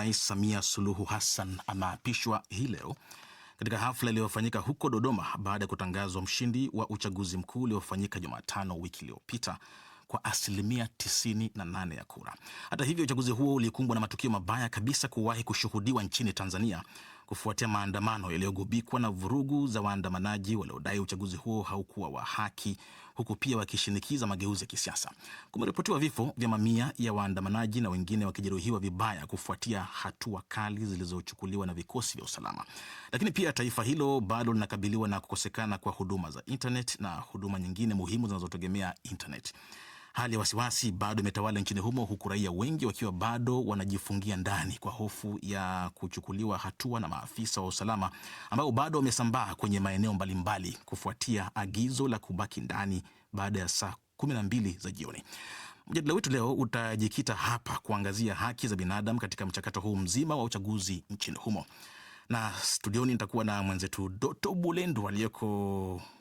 Rais Samia Suluhu Hassan ameapishwa hii leo katika hafla iliyofanyika huko Dodoma baada ya kutangazwa mshindi wa uchaguzi mkuu uliofanyika Jumatano wiki iliyopita kwa asilimia 98 ya kura. Hata hivyo, uchaguzi huo ulikumbwa na matukio mabaya kabisa kuwahi kushuhudiwa nchini Tanzania kufuatia maandamano yaliyogubikwa na vurugu za waandamanaji waliodai uchaguzi huo haukuwa wa haki huku pia wakishinikiza mageuzi ya kisiasa. Kumeripotiwa vifo vya mamia ya waandamanaji na wengine wakijeruhiwa vibaya kufuatia hatua kali zilizochukuliwa na vikosi vya usalama. Lakini pia taifa hilo bado linakabiliwa na kukosekana kwa huduma za internet na huduma nyingine muhimu zinazotegemea internet. Hali ya wasiwasi bado imetawala nchini humo huku raia wengi wakiwa bado wanajifungia ndani kwa hofu ya kuchukuliwa hatua na maafisa wa usalama ambao bado wamesambaa kwenye maeneo mbalimbali kufuatia agizo la kubaki ndani baada ya saa kumi na mbili za jioni. Mjadala wetu leo utajikita hapa kuangazia haki za binadamu katika mchakato huu mzima wa uchaguzi nchini humo na studioni nitakuwa na mwenzetu Doto Bulendu aliyeko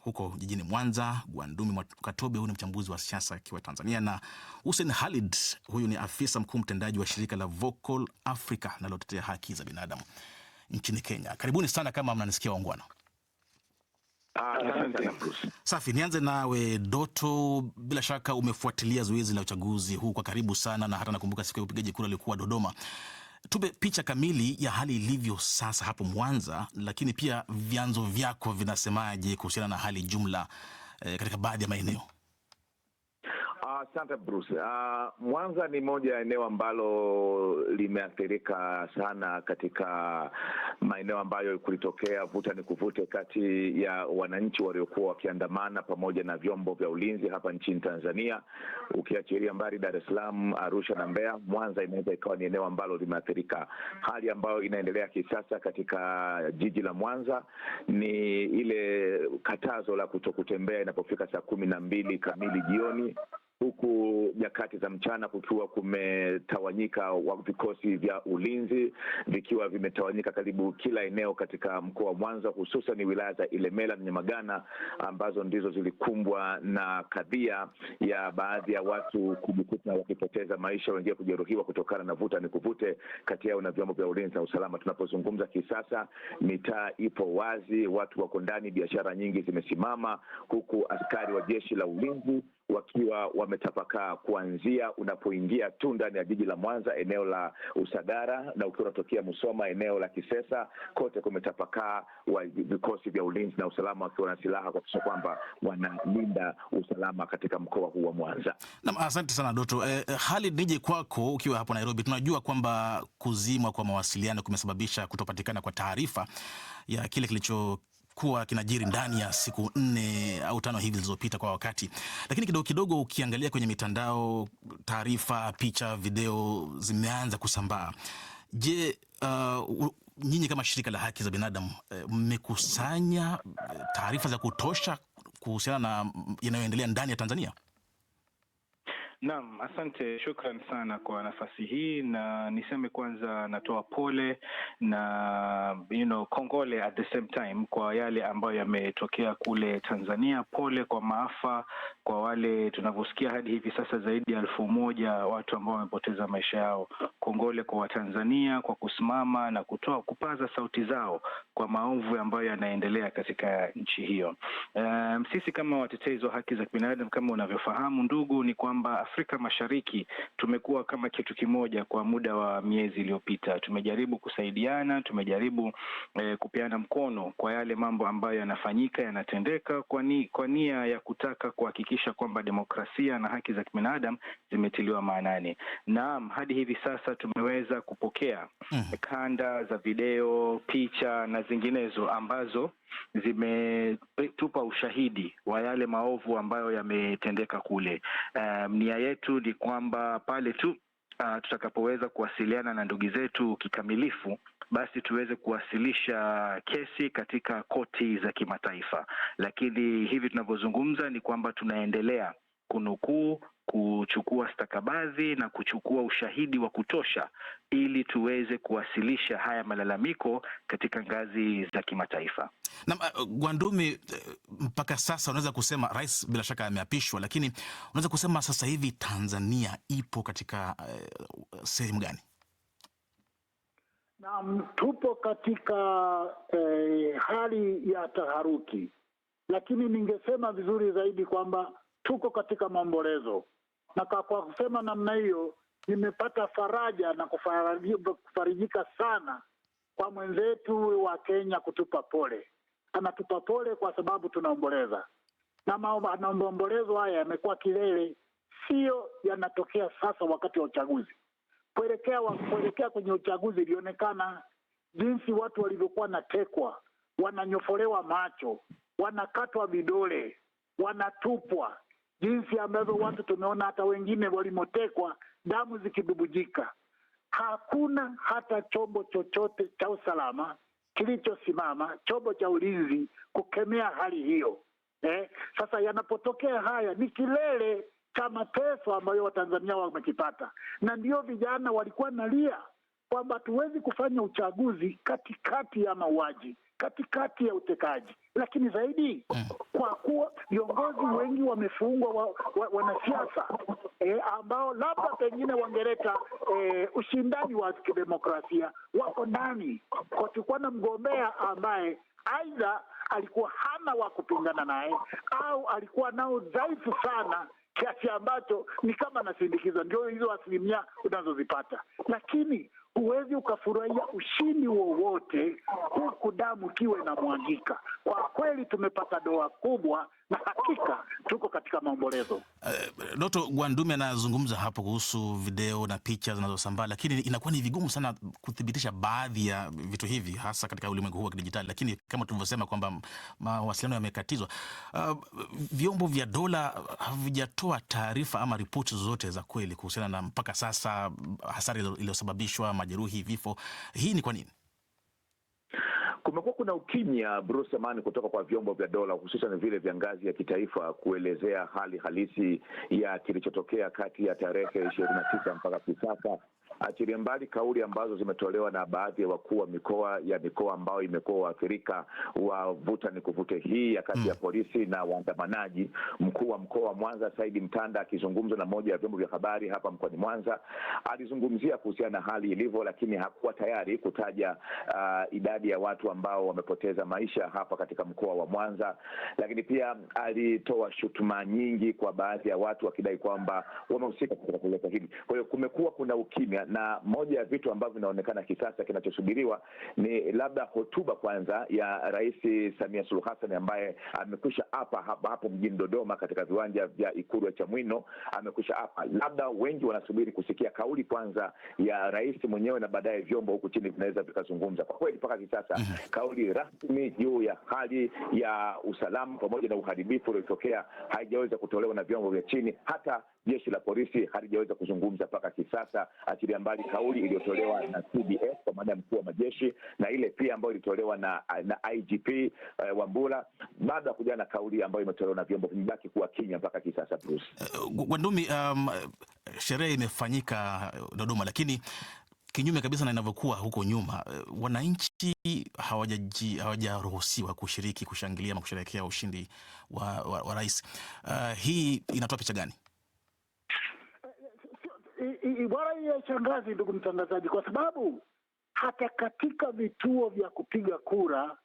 huko jijini Mwanza, Gwandumi Mwakatobe, huyu ni mchambuzi wa siasa akiwa Tanzania, na Hussein Khalid, huyu ni afisa mkuu mtendaji wa shirika la Vocal Africa linalotetea haki za binadamu nchini Kenya. Karibuni sana kama mnanisikia waungwana. Ah, Safi, nianze nawe Doto. Bila shaka umefuatilia zoezi la uchaguzi huu kwa karibu sana, na hata nakumbuka siku ya upigaji kura alikuwa Dodoma tupe picha kamili ya hali ilivyo sasa hapo Mwanza, lakini pia vyanzo vyako vinasemaje kuhusiana na hali jumla eh, katika baadhi ya maeneo? Asante uh, Bruce. Uh, Mwanza ni moja ya eneo ambalo limeathirika sana katika maeneo ambayo kulitokea vuta ni kuvute kati ya wananchi waliokuwa wakiandamana pamoja na vyombo vya ulinzi hapa nchini Tanzania, ukiachilia mbali Dar es Salaam, Arusha na Mbeya, Mwanza inaweza ikawa ni eneo ambalo limeathirika. Hali ambayo inaendelea kisasa katika jiji la Mwanza ni ile katazo la kutokutembea inapofika saa kumi na mbili kamili jioni huku nyakati za mchana kukiwa kumetawanyika wa vikosi vya ulinzi vikiwa vimetawanyika karibu kila eneo katika mkoa wa Mwanza, hususan wilaya za Ilemela na Nyamagana ambazo ndizo zilikumbwa na kadhia ya baadhi ya watu kujikuta wakipoteza maisha, wengine kujeruhiwa kutokana na vuta ni kuvute kati yao na vyombo vya ulinzi na usalama. Tunapozungumza kisasa, mitaa ipo wazi, watu wako ndani, biashara nyingi zimesimama, huku askari wa jeshi la ulinzi wakiwa wametapakaa kuanzia unapoingia tu ndani ya jiji la Mwanza, eneo la Usadara, na ukiwa unatokea Musoma, eneo la Kisesa, kote kumetapakaa wa vikosi vya ulinzi na usalama wakiwa na silaha kuhakikisha kwamba wanalinda usalama katika mkoa huu wa Mwanza. Naam, asante sana Doto. Eh, eh hali nije kwako ukiwa hapo Nairobi. Tunajua kwamba kuzimwa kwa mawasiliano kumesababisha kutopatikana kwa taarifa ya kile kilicho kilichokuwa kinajiri ndani ya siku nne au tano hivi zilizopita kwa wakati, lakini kidogo kidogo ukiangalia kwenye mitandao, taarifa, picha, video zimeanza kusambaa. Je, uh, nyinyi kama shirika la haki za binadamu eh, mmekusanya eh, taarifa za kutosha kuhusiana na mm, yanayoendelea ndani ya Tanzania? Naam, asante, shukran sana kwa nafasi hii, na niseme kwanza natoa pole na you know, kongole at the same time kwa yale ambayo yametokea kule Tanzania. Pole kwa maafa kwa wale tunavyosikia hadi hivi sasa zaidi ya elfu moja watu ambao wamepoteza maisha yao. Kongole kwa Watanzania kwa kusimama na kutoa kupaza sauti zao kwa maovu ambayo yanaendelea katika nchi hiyo. Um, sisi kama watetezi wa haki za kibinadamu kama unavyofahamu ndugu, ni kwamba Afrika Mashariki tumekuwa kama kitu kimoja kwa muda wa miezi iliyopita. Tumejaribu kusaidiana, tumejaribu eh, kupeana mkono kwa yale mambo ambayo yanafanyika, yanatendeka kwa nia ya kutaka kuhakikisha kwamba demokrasia na haki za kibinadamu zimetiliwa maanani. Naam, hadi hivi sasa tumeweza kupokea mm. kanda za video, picha na zinginezo ambazo zimetupa ushahidi wa yale maovu ambayo yametendeka kule. Um, nia yetu ni kwamba pale tu uh, tutakapoweza kuwasiliana na ndugu zetu kikamilifu basi tuweze kuwasilisha kesi katika koti za kimataifa, lakini hivi tunavyozungumza ni kwamba tunaendelea kunukuu kuchukua stakabadhi na kuchukua ushahidi wa kutosha ili tuweze kuwasilisha haya malalamiko katika ngazi za kimataifa. Na uh, Gwandumi, uh, mpaka sasa unaweza kusema rais bila shaka ameapishwa, lakini unaweza kusema sasa hivi Tanzania ipo katika uh, sehemu gani? Naam, tupo katika eh, hali ya taharuki, lakini ningesema vizuri zaidi kwamba tuko katika maombolezo na kwa kusema namna hiyo nimepata faraja na kufarijika sana kwa mwenzetu wa Kenya kutupa pole. Anatupa pole kwa sababu tunaomboleza, na maombolezo haya yamekuwa kilele, sio yanatokea sasa wakati wa uchaguzi. Kuelekea kuelekea kwenye uchaguzi, ilionekana jinsi watu walivyokuwa natekwa wananyofolewa macho, wanakatwa vidole, wanatupwa jinsi ambavyo watu tumeona hata wengine walimotekwa, damu zikibubujika. Hakuna hata chombo chochote cha usalama kilichosimama, chombo cha ulinzi kukemea hali hiyo. Eh, sasa yanapotokea haya ni kilele cha mateso ambayo Watanzania wamekipata, na ndiyo vijana walikuwa nalia kwamba hatuwezi kufanya uchaguzi katikati ya mauaji, katikati ya utekaji, lakini zaidi kwa kuwa viongozi wengi wamefungwa wa, wa, wanasiasa e, ambao labda pengine wangeleta e, ushindani wa kidemokrasia wako ndani kwatukua na mgombea ambaye aidha alikuwa hana wa kupingana naye au alikuwa nao dhaifu sana kiasi ambacho ni kama anasindikiza, ndio hizo asilimia unazozipata, lakini huwezi ukafurahia ushindi wowote huku damu kiwe na mwagika. Kwa kweli tumepata doa kubwa na hakika tuko katika maombolezo. Uh, Doto uh, Gwandume anazungumza hapo kuhusu video na picha zinazosambaa, lakini inakuwa ni vigumu sana kuthibitisha baadhi ya vitu hivi, hasa katika ulimwengu huu wa kidijitali. Lakini kama tulivyosema kwamba mawasiliano yamekatizwa, uh, vyombo vya dola havijatoa taarifa ama ripoti zozote za kweli kuhusiana na mpaka sasa hasara iliyosababishwa majeruhi, vifo. Hii ni kwa nini? Kumekuwa kuna ukimya Bruce Amani, kutoka kwa vyombo vya dola hususan vile vya ngazi ya kitaifa kuelezea hali halisi ya kilichotokea kati ya tarehe ishirini na tisa mpaka kisasa achilia mbali kauli ambazo zimetolewa na baadhi ya wakuu wa mikoa ya mikoa ambayo imekuwa waathirika wa vuta ni kuvute hii ya kati ya mm. polisi na waandamanaji. Mkuu wa mkoa wa Mwanza Saidi Mtanda akizungumza na moja ya vyombo vya habari hapa mkoani Mwanza alizungumzia kuhusiana na hali ilivyo, lakini hakuwa tayari kutaja uh, idadi ya watu ambao wamepoteza maisha hapa katika mkoa wa Mwanza, lakini pia alitoa shutuma nyingi kwa baadhi ya watu wakidai kwamba wamehusika katika kuleta hili. Kwa hiyo kumekuwa kuna ukimya na moja ya vitu ambavyo vinaonekana kisasa kinachosubiriwa ni labda hotuba kwanza ya Rais Samia Suluhu hasani ambaye amekwisha apa hapo mjini Dodoma katika viwanja vya Ikulu ya Chamwino amekwisha apa Labda wengi wanasubiri kusikia kauli kwanza ya rais mwenyewe, na baadaye vyombo huku chini vinaweza vikazungumza. Kwa kweli mpaka kisasa mhm. kauli rasmi juu ya hali ya usalama pamoja na uharibifu uliotokea haijaweza kutolewa na vyombo vya chini, hata jeshi la polisi halijaweza kuzungumza mpaka kisasa achilia kutupilia mbali kauli iliyotolewa na CDF kwa maana ya mkuu wa majeshi na ile pia ambayo ilitolewa na, na IGP uh, eh, Wambura bado hakuja na kauli ambayo imetolewa na vyombo, vimebaki kuwa kimya mpaka kisasa. Uh, eh, Gwandumi, um, sherehe imefanyika Dodoma lakini kinyume kabisa na inavyokuwa huko nyuma, eh, wananchi hawajaruhusiwa kushiriki, kushangilia ama kusherehekea ushindi wa, wa, wa rais. Uh, hii inatoa picha gani? haishangazi ndugu mtangazaji, kwa sababu hata katika vituo vya kupiga kura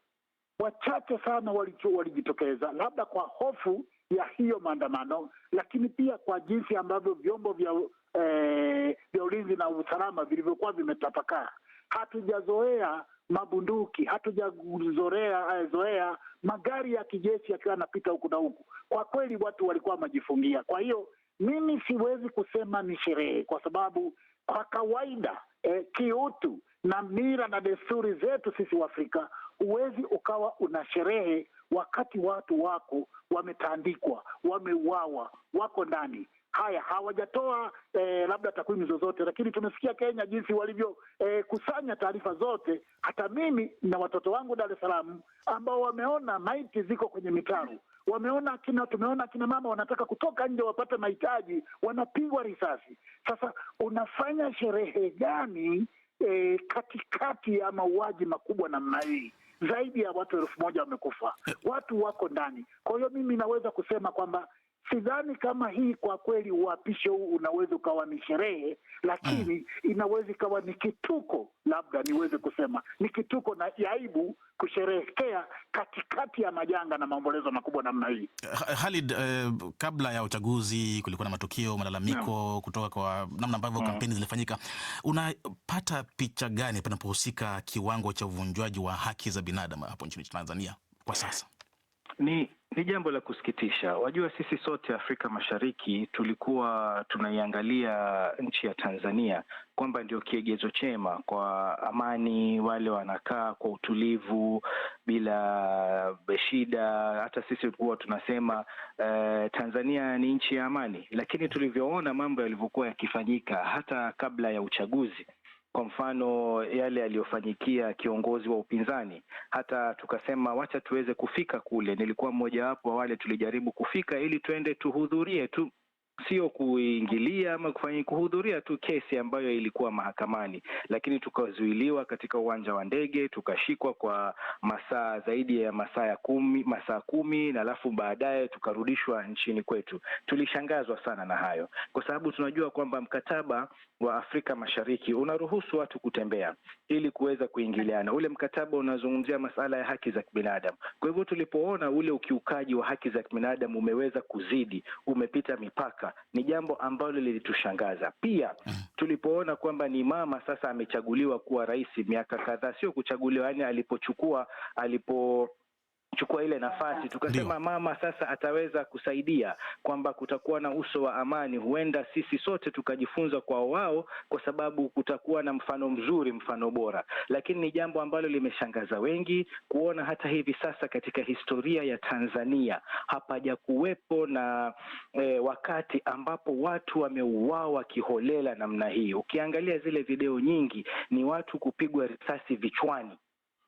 wachache sana walijitokeza, labda kwa hofu ya hiyo maandamano, lakini pia kwa jinsi ambavyo vyombo vya eh, vya ulinzi na usalama vilivyokuwa vimetapakaa. Hatujazoea mabunduki, hatujazoea eh, zoea magari ya kijeshi yakiwa yanapita huku na huku. Kwa kweli watu walikuwa wamejifungia. Kwa hiyo mimi siwezi kusema ni sherehe, kwa sababu kwa kawaida eh, kiutu na mira na desturi zetu sisi Waafrika, huwezi ukawa una sherehe wakati watu wako wametandikwa, wameuawa, wako ndani haya hawajatoa eh, labda takwimu zozote, lakini tumesikia Kenya jinsi walivyokusanya eh, taarifa zote. Hata mimi na watoto wangu Dar es Salaam ambao wameona maiti ziko kwenye mitaro wameona akina, tumeona akina mama wanataka kutoka nje wapate mahitaji, wanapigwa risasi. Sasa unafanya sherehe gani eh, katikati ya mauaji makubwa namna hii? Zaidi ya watu elfu moja wamekufa, watu wako ndani. Kwa hiyo mimi naweza kusema kwamba sidhani kama hii kwa kweli uapisho huu unaweza ukawa ni sherehe, lakini hmm. inaweza ikawa ni kituko, labda niweze kusema ni kituko na aibu kusherehekea katikati ya majanga na maombolezo makubwa namna hii. Halid, eh, kabla ya uchaguzi kulikuwa na matukio, malalamiko mm. kutoka kwa namna ambavyo mm. kampeni zilifanyika. Unapata picha gani panapohusika kiwango cha uvunjwaji wa haki za binadamu hapo nchini Tanzania kwa sasa? Ni ni jambo la kusikitisha. Wajua, sisi sote Afrika Mashariki tulikuwa tunaiangalia nchi ya Tanzania kwamba ndio kiegezo chema kwa amani, wale wanakaa kwa utulivu bila shida. Hata sisi kuwa tunasema uh, Tanzania ni nchi ya amani, lakini tulivyoona mambo yalivyokuwa yakifanyika hata kabla ya uchaguzi kwa mfano yale yaliyofanyikia kiongozi wa upinzani, hata tukasema wacha tuweze kufika kule. Nilikuwa mmojawapo wa wale tulijaribu kufika, ili tuende tuhudhurie tu sio kuingilia ama kufanya kuhudhuria tu kesi ambayo ilikuwa mahakamani, lakini tukazuiliwa katika uwanja wa ndege, tukashikwa kwa masaa zaidi ya masaa ya kumi, masaa kumi na alafu baadaye tukarudishwa nchini kwetu. Tulishangazwa sana na hayo, kwa sababu tunajua kwamba mkataba wa Afrika Mashariki unaruhusu watu kutembea ili kuweza kuingiliana. Ule mkataba unazungumzia masala ya haki za kibinadamu. Kwa hivyo tulipoona ule ukiukaji wa haki za kibinadamu umeweza kuzidi, umepita mipaka Afrika ni jambo ambalo lilitushangaza pia. Tulipoona kwamba ni mama sasa amechaguliwa kuwa rais, miaka kadhaa sio kuchaguliwa, yani alipochukua alipo chukua ile nafasi tukasema, mama sasa ataweza kusaidia kwamba kutakuwa na uso wa amani. Huenda sisi sote tukajifunza kwa wao, kwa sababu kutakuwa na mfano mzuri, mfano bora. Lakini ni jambo ambalo limeshangaza wengi kuona hata hivi sasa katika historia ya Tanzania hapaja kuwepo na e, wakati ambapo watu wameuawa kiholela namna hii. Ukiangalia zile video nyingi, ni watu kupigwa risasi vichwani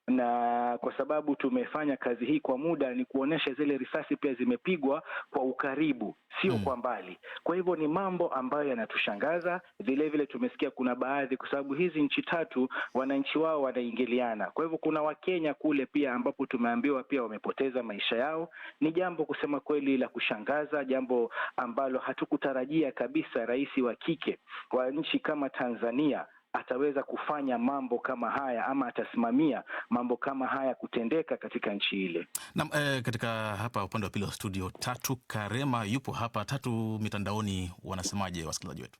na kwa sababu tumefanya kazi hii kwa muda, ni kuonesha zile risasi pia zimepigwa kwa ukaribu, sio mm, kwa mbali. Kwa hivyo ni mambo ambayo yanatushangaza vilevile. Tumesikia kuna baadhi, kwa sababu hizi nchi tatu wananchi wao wanaingiliana, kwa hivyo kuna Wakenya kule pia ambapo tumeambiwa pia wamepoteza maisha yao. Ni jambo kusema kweli la kushangaza, jambo ambalo hatukutarajia kabisa, rais wa kike wa nchi kama Tanzania ataweza kufanya mambo kama haya ama atasimamia mambo kama haya kutendeka katika nchi ile. Naam, e, katika hapa upande wa pili wa studio Tatu Karema yupo hapa. Tatu, mitandaoni wanasemaje wasikilizaji wetu?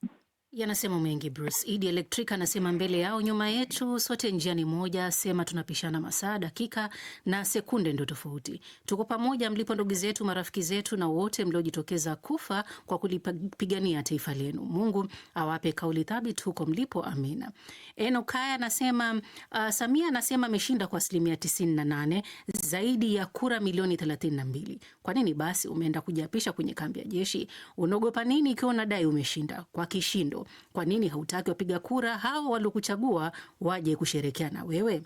yanasema mengi. Bruce Idi Electric anasema mbele yao nyuma yetu, sote njiani moja, sema tunapishana masaa, dakika na sekunde ndo tofauti. Tuko pamoja mlipo, ndugu zetu, marafiki zetu, na wote mliojitokeza kufa kwa kulipigania taifa lenu. Mungu awape kauli thabiti huko mlipo, amina. Enokaya anasema uh, Samia anasema ameshinda kwa asilimia 98 zaidi ya kura milioni 32. Kwa nini basi umeenda kujiapisha kwenye kambi ya jeshi? Unaogopa nini ikiwa unadai umeshinda kwa kishindo? Kwa nini hautaki wapiga kura hao waliokuchagua waje kusherekea na wewe?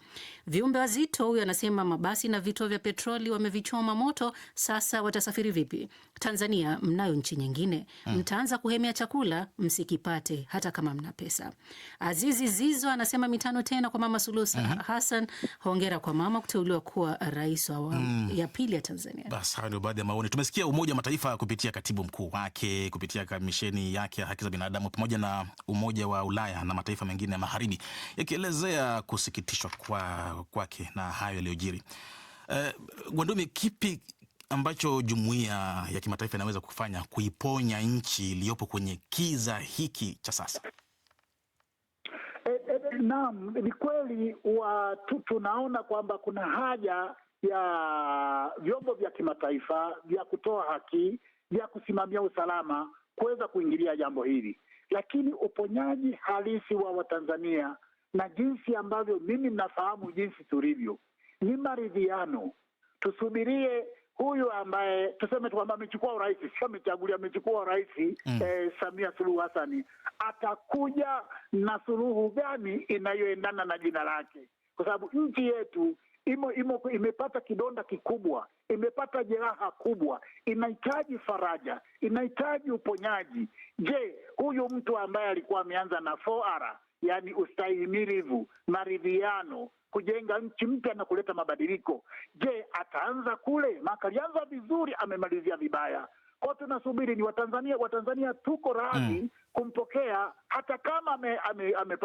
Viumbe wazito, huyo anasema mabasi na vituo vya petroli wamevichoma moto, sasa watasafiri vipi? Tanzania mnayo nchi nyingine, mm. mtaanza kuhemea chakula msikipate hata kama mna pesa. Azizi Zizo anasema mitano tena kwa Mama Suluhu mm-hmm. Hassan, hongera kwa mama kuteuliwa kuwa rais wa awamu mm. ya pili ya Tanzania. Basi hayo ndio baadhi ya maoni tumesikia. Umoja wa Mataifa kupitia katibu mkuu wake, kupitia kamisheni yake ya haki za binadamu pamoja na na Umoja wa Ulaya na mataifa mengine ya magharibi yakielezea kusikitishwa kwake kwa na hayo yaliyojiri. E, eh, Gwandumi, kipi ambacho jumuiya ya kimataifa inaweza kufanya kuiponya nchi iliyopo kwenye kiza hiki cha sasa? Eh, eh, naam, ni kweli tunaona kwamba kuna haja ya vyombo vya kimataifa vya kutoa haki, vya kusimamia usalama kuweza kuingilia jambo hili lakini uponyaji halisi wa Watanzania na jinsi ambavyo mimi nafahamu jinsi tulivyo ni maridhiano. Tusubirie huyu ambaye tuseme tu kwamba amechukua urais, sio amechagulia, amechukua urais mm. eh, Samia Suluhu Hassan atakuja na suluhu gani inayoendana na jina lake, kwa sababu nchi yetu imo, imo, imepata kidonda kikubwa, imepata jeraha kubwa, inahitaji faraja, inahitaji uponyaji. Je, huyu mtu ambaye alikuwa ameanza na 4R yani ustahimilivu, maridhiano, kujenga nchi mpya na kuleta mabadiliko, je, ataanza kule? Maana alianza vizuri, amemalizia vibaya. Kwao tunasubiri ni Watanzania, Watanzania tuko radhi mm. kumpokea hata kama amepata ame, ame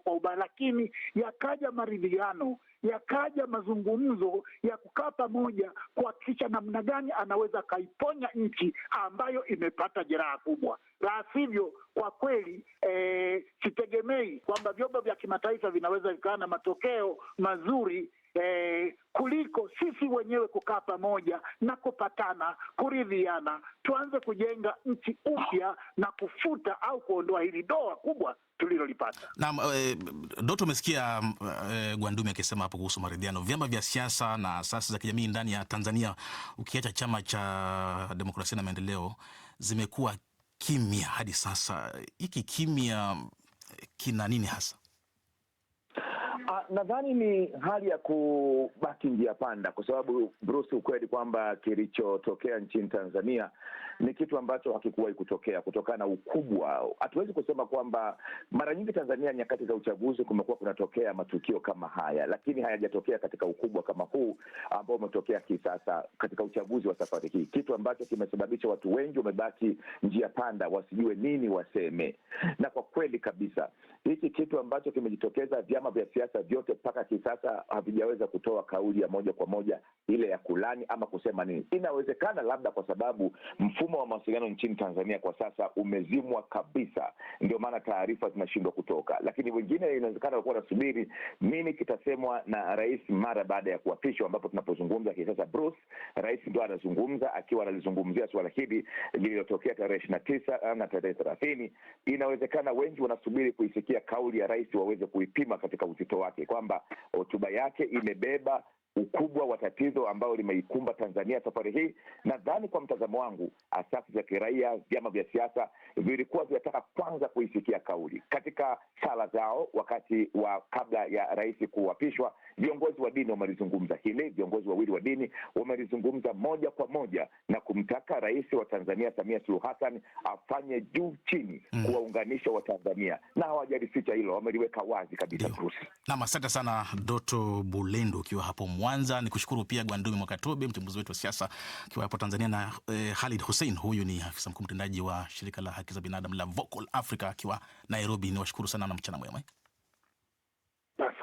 kwa ubaya, lakini yakaja maridhiano yakaja mazungumzo ya kukaa pamoja kuhakikisha namna gani anaweza akaiponya nchi ambayo imepata jeraha kubwa. La sivyo, kwa kweli eh, sitegemei e, kwamba vyombo vya kimataifa vinaweza vikawa na matokeo mazuri eh, kuliko sisi wenyewe kukaa pamoja na kupatana, kuridhiana, tuanze kujenga nchi upya na kufuta au kuondoa hili doa kubwa tulilolipata. Naam, e, Doto, umesikia e, eh, Gwandumi akisema hapo kuhusu maridhiano. Vyama vya siasa na asasi za kijamii ndani ya Tanzania, ukiacha Chama cha Demokrasia na Maendeleo, zimekuwa kimya hadi sasa. Hiki kimya kina nini hasa? Ah, nadhani ni hali ya kubaki njia panda, kwa sababu Bruce, ukweli kwamba kilichotokea nchini Tanzania ni kitu ambacho hakikuwahi kutokea kutokana na ukubwa. Hatuwezi kusema kwamba mara nyingi Tanzania nyakati za uchaguzi kumekuwa kunatokea matukio kama haya, lakini hayajatokea katika ukubwa kama huu ambao umetokea kisasa katika uchaguzi wa safari hii, kitu ambacho kimesababisha watu wengi wamebaki njia panda, wasijue nini waseme, na kwa kweli kabisa hiki kitu ambacho kimejitokeza, vyama vya siasa vyote mpaka kisasa havijaweza kutoa kauli ya moja kwa moja ile ya kulani ama kusema nini. Inawezekana labda kwa sababu mfumo wa mawasiliano nchini Tanzania kwa sasa umezimwa kabisa, ndio maana taarifa zinashindwa kutoka, lakini wengine inawezekana walikuwa wanasubiri nini kitasemwa na rais mara baada ya kuapishwa, ambapo tunapozungumza kisasa, Bruce, rais ndo anazungumza akiwa analizungumzia suala hili lililotokea tarehe ishiri na tisa na tarehe thelathini. Inawezekana wengi wanasubiri kuisikia pia kauli ya rais waweze kuipima katika uzito wake, kwamba hotuba yake imebeba ukubwa wa tatizo ambayo limeikumba Tanzania safari hii. Nadhani kwa mtazamo wangu, asasi za kiraia, vyama vya siasa vilikuwa vinataka kwanza kuisikia kauli katika sala zao wakati wa kabla ya rais kuapishwa. Viongozi wa dini wamelizungumza hili, viongozi wawili wa dini wamelizungumza moja kwa moja na kumtaka rais wa Tanzania Samia Suluhu Hassan afanye juu chini mm. kuwaunganisha Watanzania na hawajalificha hilo, wameliweka wazi kabisa. Nam, asante sana Doto Bulendo ukiwa hapo mwa. Mwanza. kushukuru pia Gwandumi Mwakatobe, mchambuzi wetu wa siasa akiwa hapo Tanzania, na eh, Khalid Hussein, huyu ni afisa mkuu mtendaji wa shirika la haki za binadamu la Vocal Africa akiwa Nairobi. ni washukuru sana na mchana mwema.